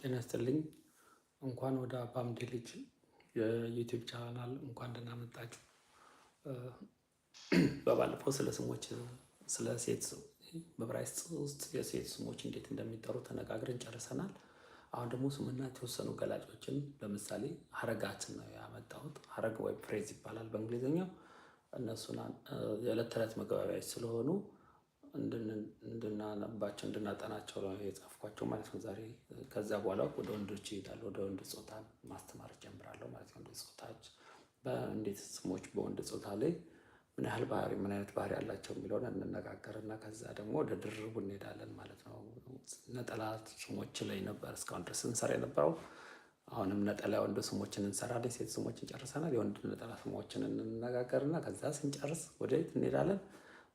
ጤና ይስጥልኝ። እንኳን ወደ አባምዴ ልጅ የዩቲዩብ ቻናል እንኳን ደህና መጣችሁ። በባለፈው ስለ ስሞች ስለ ሴት በዕብራይስጥ ውስጥ የሴት ስሞች እንዴት እንደሚጠሩ ተነጋግረን ጨርሰናል። አሁን ደግሞ ስምና የተወሰኑ ገላጮችን ለምሳሌ አረጋት ነው ያመጣሁት። ሀረግ ወይም ፍሬዝ ይባላል በእንግሊዝኛው። እነሱን የዕለት ተዕለት መግባቢያዎች ስለሆኑ እንድናነባቸው እንድናጠናቸው የጻፍኳቸው ማለት ነው ዛሬ። ከዛ በኋላ ወደ ወንዶች ይሄዳሉ። ወደ ወንድ ጾታ ማስተማር ጀምራለሁ ማለት ነው። ጾታች በእንዴት ስሞች በወንድ ጾታ ላይ ምን ያህል ባህሪ ምን አይነት ባህሪ ያላቸው የሚለውን እንነጋገር እና ከዛ ደግሞ ወደ ድርቡ እንሄዳለን ማለት ነው። ነጠላ ስሞች ላይ ነበር እስካሁን ድረስ እንሰራ የነበረው። አሁንም ነጠላ የወንድ ስሞችን እንሰራለን። ሴት ስሞችን ጨርሰናል። የወንድ ነጠላ ስሞችን እንነጋገርና ከዛ ስንጨርስ ወደ የት እንሄዳለን?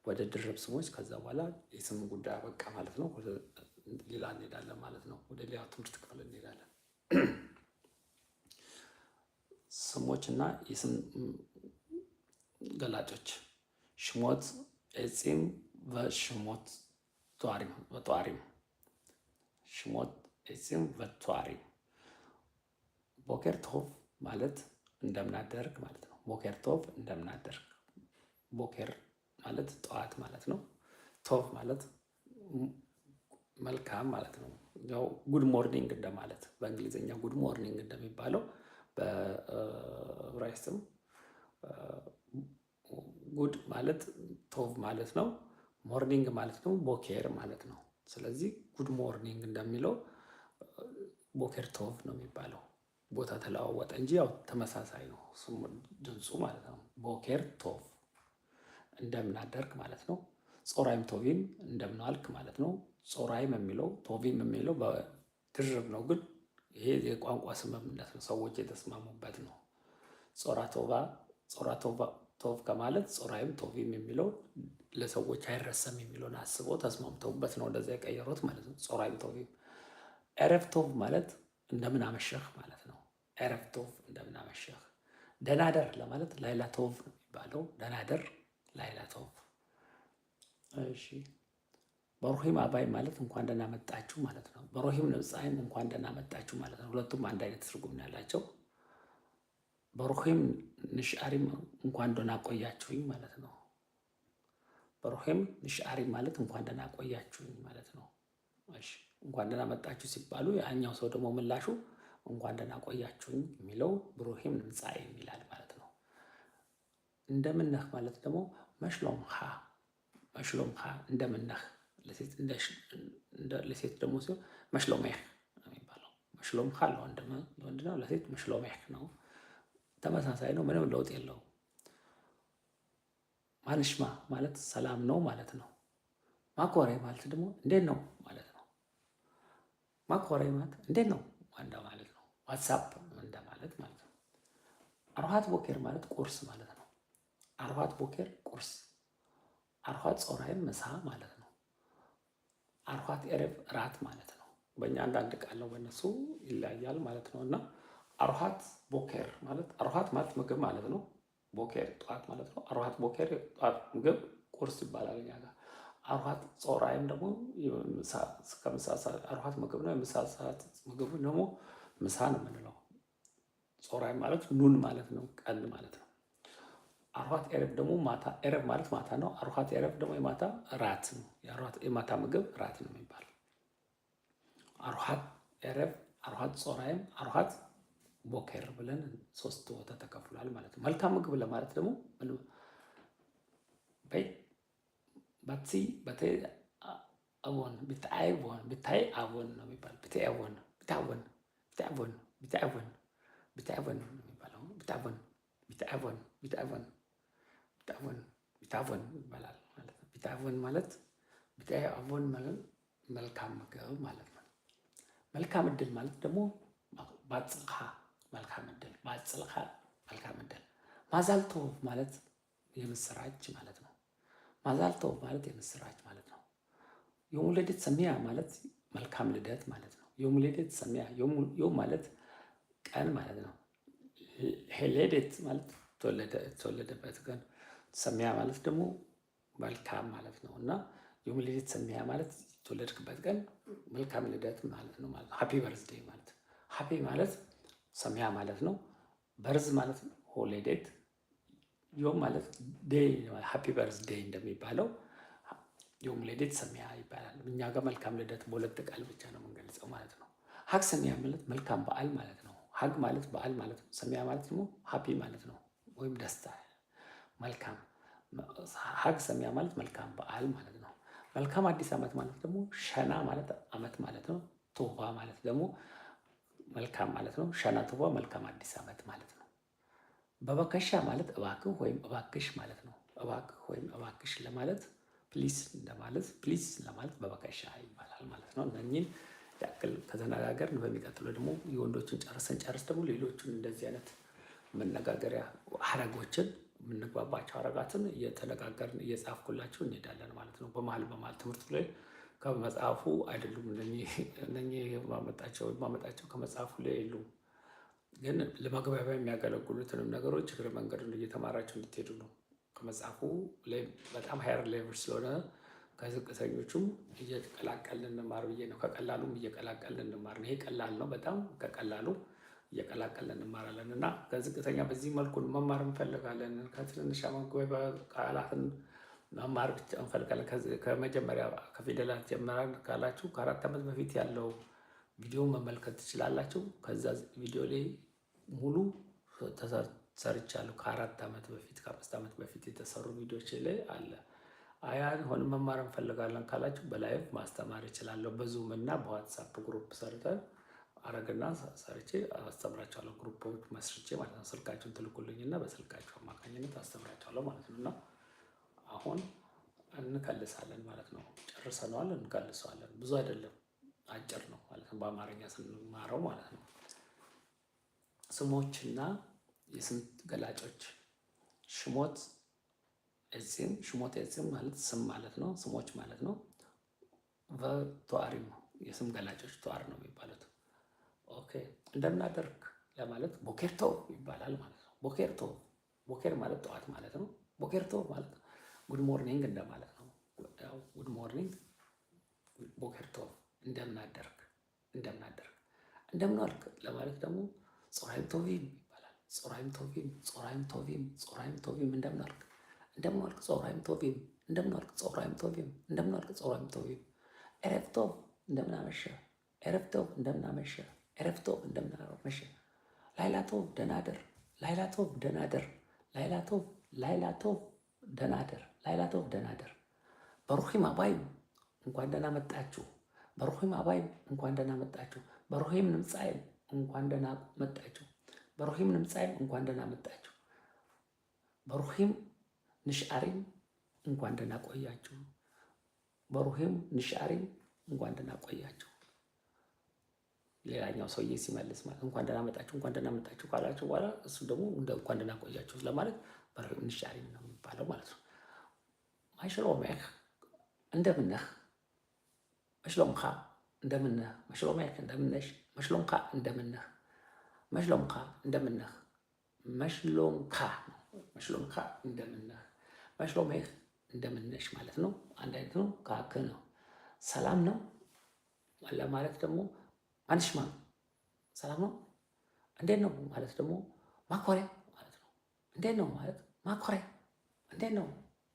ወደ ድርብ ስሞች ከዛ በኋላ የስም ጉዳይ አበቃ ማለት ነው። ሌላ እንሄዳለን ማለት ነው። ወደ ሌላ ትምህርት ክፍል እንሄዳለን። ስሞች እና የስም ገላጮች ሽሞት ዔጺም በሽሞት ተዋሪም ሽሞት ኤፂም በቷሪም ቦኬር ማለት እንደምናደርግ ማለት ነው። ቦኬር እንደምናደርግ ቦኬር ማለት ጠዋት ማለት ነው። ቶፍ ማለት መልካም ማለት ነው። ያው ጉድ ሞርኒንግ እንደማለት በእንግሊዝኛ ጉድ ሞርኒንግ እንደሚባለው በዕብራይስጥም ጉድ ማለት ቶቭ ማለት ነው። ሞርኒንግ ማለት ነው ቦኬር ማለት ነው። ስለዚህ ጉድ ሞርኒንግ እንደሚለው ቦኬር ቶቭ ነው የሚባለው። ቦታ ተለዋወጠ እንጂ ያው ተመሳሳይ ነው ድምፁ ማለት ነው። ቦኬር ቶቭ እንደምናደርግ ማለት ነው። ጾራይም ቶቪም እንደምናልክ ማለት ነው። ጾራይም የሚለው ቶቪም የሚለው በድርብ ነው፣ ግን ይሄ የቋንቋ ስምምነት ነው፣ ሰዎች የተስማሙበት ነው። ጾራ ቶቫ ጾራ ቶቫ ቶቭ ከማለት ጾራይም ቶቪም የሚለው ለሰዎች አይረሰም የሚለውን አስቦ ተስማምተውበት ነው እንደዚያ የቀየሩት ማለት ነው። ጾራይም ቶቪም ኤረፍ ቶቭ ማለት እንደምን አመሸህ ማለት ነው። ኤረፍ ቶቭ እንደምን አመሸህ። ደናደር ለማለት ላይላ ቶቭ ነው የሚባለው። ደናደር። ላይላ እሺ በሮሂም አባይ ማለት እንኳን ደህና መጣችሁ ማለት ነው። በሮሂም ነብጻይም እንኳን ደህና መጣችሁ ማለት ነው። ሁለቱም አንድ አይነት ትርጉም ያላቸው። በሮሂም ንሽአሪም እንኳን ደህና ቆያችሁኝ ማለት ነው። በሮሂም ንሽአሪ ማለት እንኳን ደህና ቆያችሁኝ ማለት ነው። እሺ እንኳን ደህና መጣችሁ ሲባሉ ያኛው ሰው ደግሞ ምላሹ እንኳን ደህና ቆያችሁኝ የሚለው ብሩሂም ንጻኤ ይላል ማለት ነው። እንደምን ነህ ማለት ደግሞ መሽሎምካ መሽሎምካ እንደምነህ ለሴት ደግሞ ሲሆን መሽሎሜህ ነው የሚባለው። መሽሎምካ ለወንድ ነው፣ ለሴት መሽሎሜህ ነው። ተመሳሳይ ነው፣ ምንም ለውጥ የለው። ማንሽማ ማለት ሰላም ነው ማለት ነው። ማኮሬ ማለት ደግሞ እንዴት ነው ማለት ነው። ማኮሬ ማለት እንዴት ነው እንደ ማለት ነው። ዋትሳፕ እንደማለት ማለት ነው። አርሃት ቦኬር ማለት ቁርስ ማለት አርባት ቦኬር ቁርስ፣ አርባት ጾራይም ምሳ ማለት ነው። አርባት ኤረብ ራት ማለት ነው። በእኛ አንዳንድ ቃለው ነው፣ በእነሱ ይለያል ማለት ነው። እና አርባት ቦኬር ማለት አርባት ማለት ምግብ ማለት ነው። ቦኬር ጠዋት ማለት ነው። አርባት ቦኬር ጠዋት ምግብ ቁርስ ይባላል እኛ ጋር። አርባት ጾራይም ደግሞ ከምሳ አርባት ምግብ ነው። የምሳ ሰዓት ምግብ ደግሞ ምሳ ነው የምንለው። ጾራይም ማለት ኑን ማለት ነው፣ ቀን ማለት ነው። አርኋት ኤረብ ደግሞ ማታ ኤረብ ማለት ማታ ነው። አርኋት ኤረብ ደግሞ የማታ ራት ነው። የማታ ምግብ ራት ነው የሚባል አርኋት ኤረብ፣ አርኋት ጾራይም፣ አርኋት ቦከር ብለን ሶስት ቦታ ተከፍሏል ማለት ነው። መልካም ምግብ ለማለት ደግሞ ባትሲ በተይ አቦን ብታይ ቦን ብታይ አቦን ነው የሚባል ብታይ አቦን ብታይ አቦን ብታይ አቦን ብታይ አቦን ብታይ አቦን ነው የሚባለው ብታይ አቦን ብታይ አቦን ብታይ አቦን ቢታወን ቢታወን ይባላል ማለት ነው። ቢታወን ማለት ቢታወን ማለት መልካም ምግብ ማለት ነው። መልካም እድል ማለት ደግሞ ባጽልካ መልካም እድል ባጽልካ መልካም እድል። ማዛልቶ ማለት የምስራች ማለት ነው። ማዛልቶ ማለት የምስራች ማለት ነው። ዮም ውለደት ሰሚያ ማለት መልካም ልደት ማለት ነው። ዮም ውለደት ሰሚያ ዮም ማለት ቀን ማለት ነው። ሄሌደት ማለት ተወለደበት ቀን ሰሚያ ማለት ደግሞ መልካም ማለት ነው እና ዮም ልደት ሰሚያ ማለት የተወለድክበት ቀን መልካም ልደት ማለት ነው። ማለት ሃፒ በርዝዴ ማለት ሀፒ ማለት ሰሚያ ማለት ነው። በርዝ ማለት ሆሊዴት ዮም ማለት ዴይ ሃፒ በርዝዴ እንደሚባለው ዮም ልደት ሰሚያ ይባላል። እኛ ጋር መልካም ልደት በሁለት ቃል ብቻ ነው የምንገልጸው ማለት ነው። ሀግ ሰሚያ ማለት መልካም በዓል ማለት ነው። ሀግ ማለት በዓል ማለት ነው። ሰሚያ ማለት ደግሞ ሀፒ ማለት ነው ወይም ደስታ መልካም ሀግ ሰሚያ ማለት መልካም በዓል ማለት ነው። መልካም አዲስ ዓመት ማለት ደግሞ ሸና ማለት ዓመት ማለት ነው። ቶባ ማለት ደግሞ መልካም ማለት ነው። ሸና ቶባ መልካም አዲስ ዓመት ማለት ነው። በበከሻ ማለት እባክህ ወይም እባክሽ ማለት ነው። እባክህ ወይም እባክሽ ለማለት ፕሊስ ለማለት ፕሊስ ለማለት በበከሻ ይባላል ማለት ነው። እነኝን ያክል ከተነጋገር በሚቀጥለው ደግሞ የወንዶችን ጨርሰን ጨርስ ደግሞ ሌሎቹን እንደዚህ አይነት መነጋገሪያ ሀረጎችን የምንግባባቸው አረጋትን እየተነጋገርን እየጻፍኩላቸው እንሄዳለን ማለት ነው። በመሀል በመሀል ትምህርቱ ላይ ከመጽሐፉ አይደሉም እነኚህ ማመጣቸው ከመጽሐፉ ላይ የሉ፣ ግን ለመግባቢያ የሚያገለግሉትንም ነገሮች እግረ መንገድ እየተማራቸው እንድትሄዱ ነው። ከመጽሐፉ ላይ በጣም ሀያር ሌቭል ስለሆነ ከዝቅተኞቹም እየቀላቀልን እንማር ብዬ ነው። ከቀላሉም እየቀላቀልን እንማር ነው። ይሄ ቀላል ነው በጣም ከቀላሉ እየቀላቀለን እንማራለን እና ከዝቅተኛ በዚህ መልኩ መማር እንፈልጋለን። ከትንንሽ መግባቢያ ቃላትን መማር ብቻ እንፈልጋለን። ከመጀመሪያ ከፊደላት ጀምረን ካላችሁ ከአራት ዓመት በፊት ያለው ቪዲዮ መመልከት ትችላላችሁ። ከዛ ቪዲዮ ላይ ሙሉ ሰርቻለሁ። ከአራት ዓመት በፊት ከአምስት ዓመት በፊት የተሰሩ ቪዲዮች ላይ አለ። አያን ሆን መማር እንፈልጋለን ካላችሁ በላይቭ ማስተማር ይችላለሁ። በዙም እና በዋትሳፕ ግሩፕ ሰርተን አረግና ሰርቼ አስተምራቸዋለሁ። ግሩፖች መስርቼ ማለት ነው። ስልካቸውን ትልኩልኝ እና በስልካቸው አማካኝነት አስተምራቸዋለሁ ማለት ነው። እና አሁን እንከልሳለን ማለት ነው። ጨርሰነዋል፣ እንከልሰዋለን። ብዙ አይደለም፣ አጭር ነው ማለት ነው። በአማርኛ ስንማረው ማለት ነው። ስሞችና የስንት ገላጮች ሽሞት እዚህም ሽሞት እዚህም ማለት ስም ማለት ነው። ስሞች ማለት ነው። ተዋሪም የስም ገላጮች ተዋር ነው የሚባሉት ኦኬ እንደምናደርግ ለማለት ቦኬርቶ ይባላል ማለት ነው። ቦኬርቶ ቦኬር ማለት ጠዋት ማለት ነው። ቦኬርቶ ማለት ጉድ ሞርኒንግ እንደማለት ነው። ያው ጉድ ሞርኒንግ ቦኬርቶ እንደምናደርግ እንደምናደርግ እንደምናልክ ለማለት ደግሞ ጾራይም ቶቪም ይባላል። ጾራይም ቶቪም ጾራይም ቶቪም ጾራይም ቶቪም እንደምናልክ እንደምናልክ ጾራይም ቶቪም እንደምናልክ ጾራይም ቶቪም እንደምናልክ ጾራይም ቶቪም ኤረፍቶ እንደምናመሸ ኤረፍቶ እንደምናመሸ ኤረፍቶ እንደምንለው መሸ። ላይላቶቭ ደናደር፣ ላይላቶቭ ደናደር፣ ላይላቶቭ ላይላቶቭ ደናደር፣ ላይላቶቭ ደናደር። በሩሂም አባይም እንኳን ደህና መጣችሁ። በሩሂም አባይም እንኳን ደህና መጣችሁ። በሩሂም ንምፃይም እንኳን ደህና መጣችሁ። በሩሂም ንምፃይም እንኳን ደህና መጣችሁ። በሩሂም ንሽዓሪም እንኳን ደህና ቆያችሁ። በሩሂም ንሽዓሪም እንኳን ደህና ቆያችሁ። ሌላኛው ሰውዬ ሲመልስ ማለት እንኳን ደህና መጣችሁ እንኳን ደህና መጣችሁ ካላችሁ በኋላ እሱ ደግሞ እንኳን ደህና ቆያችሁ ስለማለት በረው ነው የሚባለው ማለት ነው። ማይሽሎሜክ እንደምነህ፣ መሽሎምካ እንደምነህ፣ መሽሎሜክ እንደምነሽ፣ መሽሎምካ እንደምነህ፣ መሽሎምካ እንደምነህ፣ መሽሎምካ መሽሎምካ እንደምነህ፣ መሽሎሜክ እንደምነሽ ማለት ነው። አንድ አይነት ነው። ካክ ነው ሰላም ነው ለማለት ደግሞ አንሽማ ሰላም ነው እንዴት ነው ማለት ደግሞ ማኮሪያ ማለት ነው። እንዴት ነው ማለት ማኮሪያ እንዴት ነው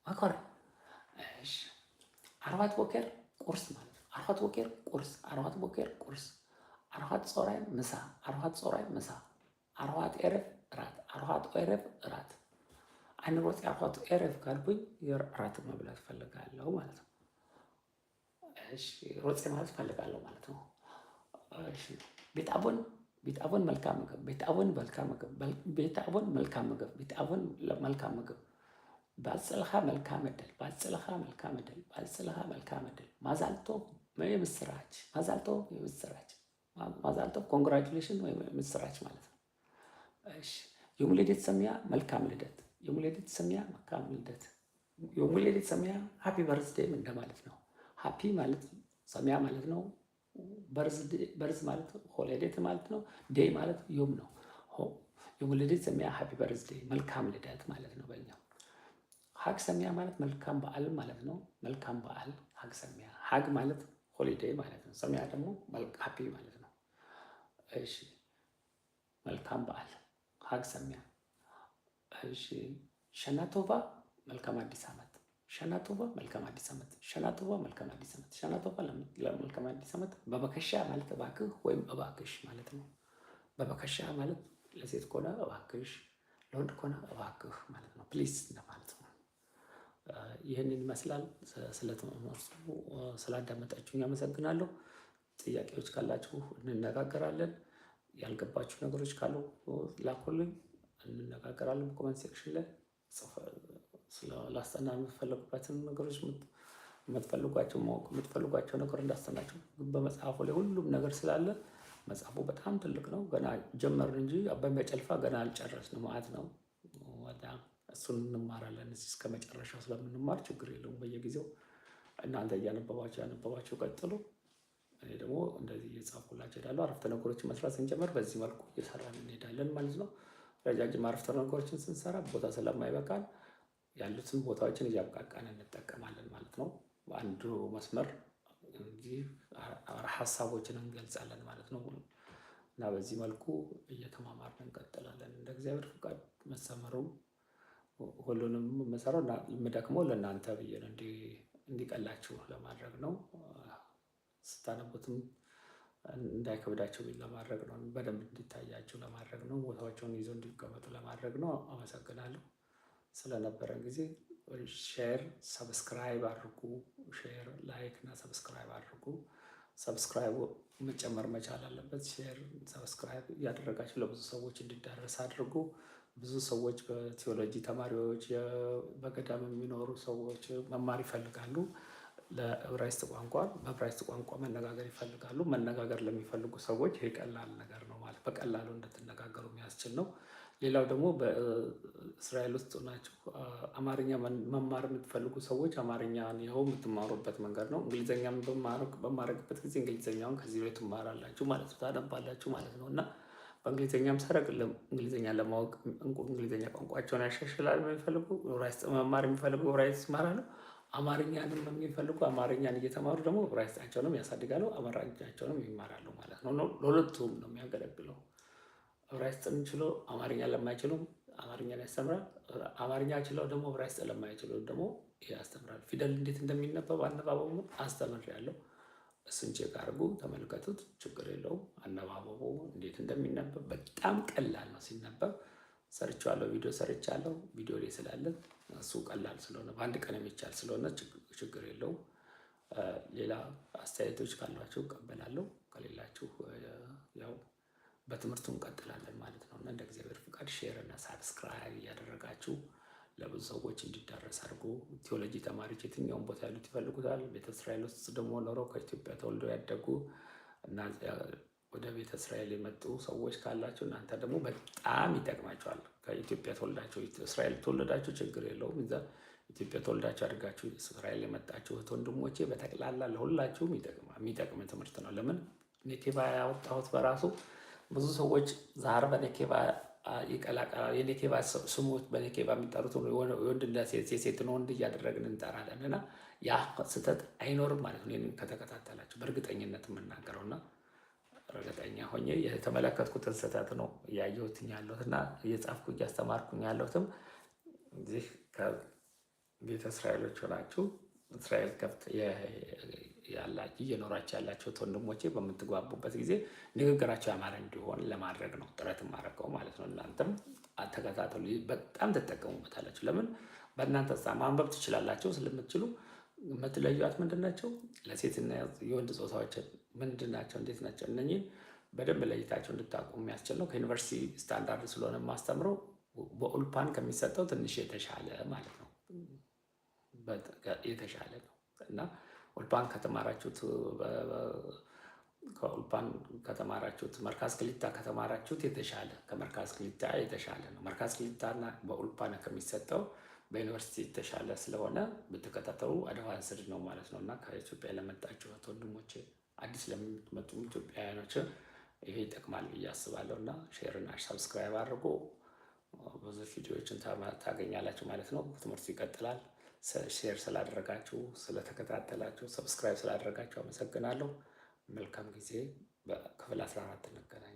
ማኮሪያ። እሺ አርባት ቦኬር ቁርስ ማለት ነው። አርባት ቦኬር ቁርስ፣ አርባት ቦኬር ቁርስ፣ አርባት ጾራይ ምሳ፣ አርባት ጾራይ ምሳ፣ አርባት ኤረፍ እራት፣ አርባት ኤረፍ እራት። አንድ ሮጽ አርባት ኤረፍ ካልኩኝ እራት መብላት ፈልጋለሁ ማለት ነው። እሺ ሮጽ ማለት ፈልጋለሁ ማለት ነው። ቤት አቦን ቤት አቦን መልካም ምግብ ቤት አቦን መልካም ምግብ ቤት አቦን መልካም ምግብ ቤት አቦን መልካም ምግብ ባጽልኻ መልካም እድል ባጽልኻ መልካም እድል ባጽልኻ መልካም እድል ማዛልቶ የምስራች ማዛልቶ የምስራች ማዛልቶ ኮንግራቹሌሽን ወይ ምስራች ማለት ነው። እሺ የሙሌዴት ሰሚያ መልካም ልደት የሙሌዴት ሰሚያ መልካም ልደት የሙሌዴት ሰሚያ ሃፒ በርዝዴይ እንደማለት ነው። ሃፒ ማለት ሰሚያ ማለት ነው። በርዝ ማለት ሆሊዴት ማለት ነው። ዴይ ማለት ዮም ነው። ዮም ልደት ሰሚያ ሃፒ በርዝ ዴይ መልካም ልደት ማለት ነው በኛ ሀግ ሰሚያ ማለት መልካም በዓል ማለት ነው። መልካም በዓል ሀግ ሰሚያ። ሀግ ማለት ሆሊዴይ ማለት ነው። ሰሚያ ደግሞ ሃፒ ማለት ነው። እሺ መልካም በዓል ሀግ ሰሚያ። እሺ ሸናቶባ መልካም አዲስ ዓመት ሸላቶባ መልካም አዲስ ዓመት፣ ሸላቶባ መልካም አዲስ ዓመት፣ ሸላቶባ መልካም አዲስ ዓመት። በበከሻ ማለት እባክህ ወይም እባክሽ ማለት ነው። በበከሻ ማለት ለሴት ከሆነ እባክሽ፣ ለወንድ ከሆነ እባክህ ማለት ነው። ፕሊዝ ማለት ነው። ይህንን ይመስላል። ስለተመርሱ ስላዳመጣችሁ አመሰግናለሁ። ጥያቄዎች ካላችሁ እንነጋገራለን። ያልገባችሁ ነገሮች ካሉ ላኩልኝ፣ እንነጋገራለን። ኮመንት ሴክሽን ላይ ላስጠና የምትፈልጉበትን ነገሮች የምትፈልጓቸው ማወቅ የምትፈልጓቸው ነገር እንዳስጠናቸው በመጽሐፉ ላይ ሁሉም ነገር ስላለ መጽሐፉ በጣም ትልቅ ነው። ገና ጀመር እንጂ በሚያጨልፋ ገና አልጨረስን ማለት ነው። እሱን እንማራለን እዚህ እስከ መጨረሻው ስለምንማር ችግር የለውም። በየጊዜው እናንተ እያነበባቸው ያነበባቸው ቀጥሎ እኔ ደግሞ እንደዚህ እየጻፍኩላቸው እሄዳለሁ። አረፍተ ነገሮችን መስራት ስንጀምር በዚህ መልኩ እየሰራን እንሄዳለን ማለት ነው። ረጃጅም አረፍተ ነገሮችን ስንሰራ ቦታ ስለማይበቃል ያሉትን ቦታዎችን እያብቃቃን እንጠቀማለን ማለት ነው። በአንዱ መስመር እንግዲህ ሀሳቦችን እንገልጻለን ማለት ነው። እና በዚህ መልኩ እየተማማርን እንቀጥላለን። እንደ እግዚአብሔር ፍቃድ መሰመሩ ሁሉንም የምሰራው የምደክመው ለእናንተ ብዬ ነው፣ እንዲቀላችሁ ለማድረግ ነው። ስታነቡትም እንዳይከብዳቸው ለማድረግ ነው። በደንብ እንዲታያቸው ለማድረግ ነው። ቦታዎቸውን ይዘው እንዲቀመጡ ለማድረግ ነው። አመሰግናለሁ። ስለነበረን ጊዜ ሼር፣ ሰብስክራይብ አድርጉ። ሼር፣ ላይክ እና ሰብስክራይብ አድርጉ። ሰብስክራይብ መጨመር መቻል አለበት። ሼር፣ ሰብስክራይብ እያደረጋችሁ ለብዙ ሰዎች እንዲዳረስ አድርጉ። ብዙ ሰዎች በቴዎሎጂ ተማሪዎች፣ በገዳም የሚኖሩ ሰዎች መማር ይፈልጋሉ። ለዕብራይስጥ ቋንቋ በዕብራይስጥ ቋንቋ መነጋገር ይፈልጋሉ። መነጋገር ለሚፈልጉ ሰዎች ይህ ቀላል ነገር ነው ማለት በቀላሉ እንድትነጋገሩ የሚያስችል ነው። ሌላው ደግሞ በእስራኤል ውስጥ ናቸው አማርኛ መማር የምትፈልጉ ሰዎች አማርኛ ይኸው የምትማሩበት መንገድ ነው። እንግሊዝኛ በማድረግበት ጊዜ እንግሊዝኛውን ከዚህ ላይ ትማራላችሁ ማለት ነው፣ ታነባላችሁ ማለት ነው እና በእንግሊዝኛም ሰረቅ እንግሊዝኛ ለማወቅ እንግሊዝኛ ቋንቋቸውን ያሻሽላል የሚፈልጉ ራይስ መማር የሚፈልጉ ራይስ ይማራሉ። አማርኛንም የሚፈልጉ አማርኛን እየተማሩ ደግሞ ራይሳቸውንም ያሳድጋሉ፣ አማራጃቸውንም ይማራሉ ማለት ነው። ለሁለቱም ነው የሚያገለግለው። ዕብራይስጥን ችሎ አማርኛ ለማይችሉም አማርኛ ያስተምራል። አማርኛ ችለው ደግሞ ዕብራይስጥ ለማይችሉ ደግሞ ያስተምራል። ፊደል እንዴት እንደሚነበብ አነባበቡ አስተምር ያለው እሱን ቼክ አድርጉ፣ ተመልከቱት። ችግር የለውም። አነባበቡ እንዴት እንደሚነበብ በጣም ቀላል ነው ሲነበብ ሰርቻለሁ ቪዲዮ ሰርቻለሁ። ቪዲዮ ላይ ስላለን እሱ ቀላል ስለሆነ በአንድ ቀን የሚቻል ስለሆነ ችግር የለውም። ሌላ አስተያየቶች ካሏችሁ እቀበላለሁ። ከሌላችሁ ያው በትምህርቱ እንቀጥላለን ማለት ነው እና እንደ እግዚአብሔር ፍቃድ ሼር እና ሳብስክራይብ እያደረጋችሁ ለብዙ ሰዎች እንዲዳረስ አድርጎ ቴዎሎጂ ተማሪዎች የትኛውን ቦታ ያሉት ይፈልጉታል። ቤተ እስራኤል ውስጥ ደግሞ ኖረው ከኢትዮጵያ ተወልደው ያደጉ እና ወደ ቤተ እስራኤል የመጡ ሰዎች ካላቸው እናንተ ደግሞ በጣም ይጠቅማቸዋል። ከኢትዮጵያ ተወልዳቸው እስራኤል ተወልዳቸው ችግር የለውም። እዛ ኢትዮጵያ ተወልዳቸው አድጋችሁ እስራኤል የመጣችሁ እህት ወንድሞቼ፣ በጠቅላላ ለሁላችሁም የሚጠቅም ትምህርት ነው። ለምን ኔቲቭ ያወጣሁት በራሱ ብዙ ሰዎች ዛር በነኬባ ይቀላቀላል። የኔኬባ ስሞች በኔኬባ የሚጠሩት የወንድና ሴትን ወንድ እያደረግን እንጠራለን እና ያ ስህተት አይኖርም ማለት ነው። ከተከታተላቸው በእርግጠኝነት የምናገረው እና እርግጠኛ ሆኜ የተመለከትኩትን ስህተት ነው እያየሁት ያለሁት እና እየጻፍኩ እያስተማርኩኝ ያለሁትም እዚህ ከቤተ እስራኤሎች ሆናችሁ እስራኤል ከፍት እየኖራቸው ያላቸው ወንድሞቼ በምትግባቡበት ጊዜ ንግግራቸው ያማረ እንዲሆን ለማድረግ ነው ጥረት ማድረገው ማለት ነው። እናንተም ተከታተሉ፣ በጣም ትጠቀሙበታላችሁ። ለምን በእናንተ ማንበብ ትችላላቸው ስለምትችሉ የምትለዩት ምንድን ናቸው? ለሴትና የወንድ ፆታዎች ምንድን ናቸው? እንዴት ናቸው? እነኚህን በደንብ ለይታቸው እንድታቁ የሚያስችል ነው። ከዩኒቨርሲቲ ስታንዳርድ ስለሆነ የማስተምረው በኡልፓን ከሚሰጠው ትንሽ የተሻለ ማለት ነው። የተሻለ ነው እና ኡልፓን ከተማራችሁት ከኡልፓን ከተማራችሁት መርካዝ ክሊታ ከተማራችሁት የተሻለ ከመርካዝ ክሊታ የተሻለ ነው። መርካዝ ክሊታና በኡልፓን ከሚሰጠው በዩኒቨርሲቲ የተሻለ ስለሆነ ብትከታተሉ አድቫንስድ ነው ማለት ነው። እና ከኢትዮጵያ ለመጣችሁት ወንድሞች አዲስ ለምትመጡ ኢትዮጵያውያኖች ይሄ ይጠቅማል ብዬ አስባለሁ። እና ሼርና ሰብስክራይብ አድርጎ ብዙ ቪዲዮዎችን ታገኛላችሁ ማለት ነው። ትምህርቱ ይቀጥላል። ሼር ስላደረጋችሁ፣ ስለተከታተላችሁ፣ ሰብስክራይብ ስላደረጋችሁ አመሰግናለሁ። መልካም ጊዜ። በክፍል 14 እንገናኝ።